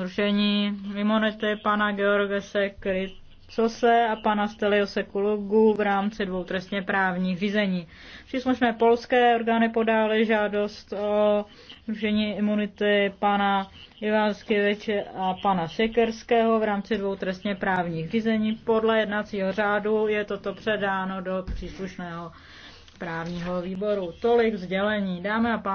zrušení imunity pana Georgese Krycose a pana Steliose Kulugu v rámci dvou trestně právních řízení. Příslušné polské orgány podály žádost o zrušení imunity pana Ivánskěveče a pana Sekerského v rámci dvou trestně právních řízení. Podle jednacího řádu je toto předáno do příslušného právního výboru. Tolik sdělení. Dámy a pánové,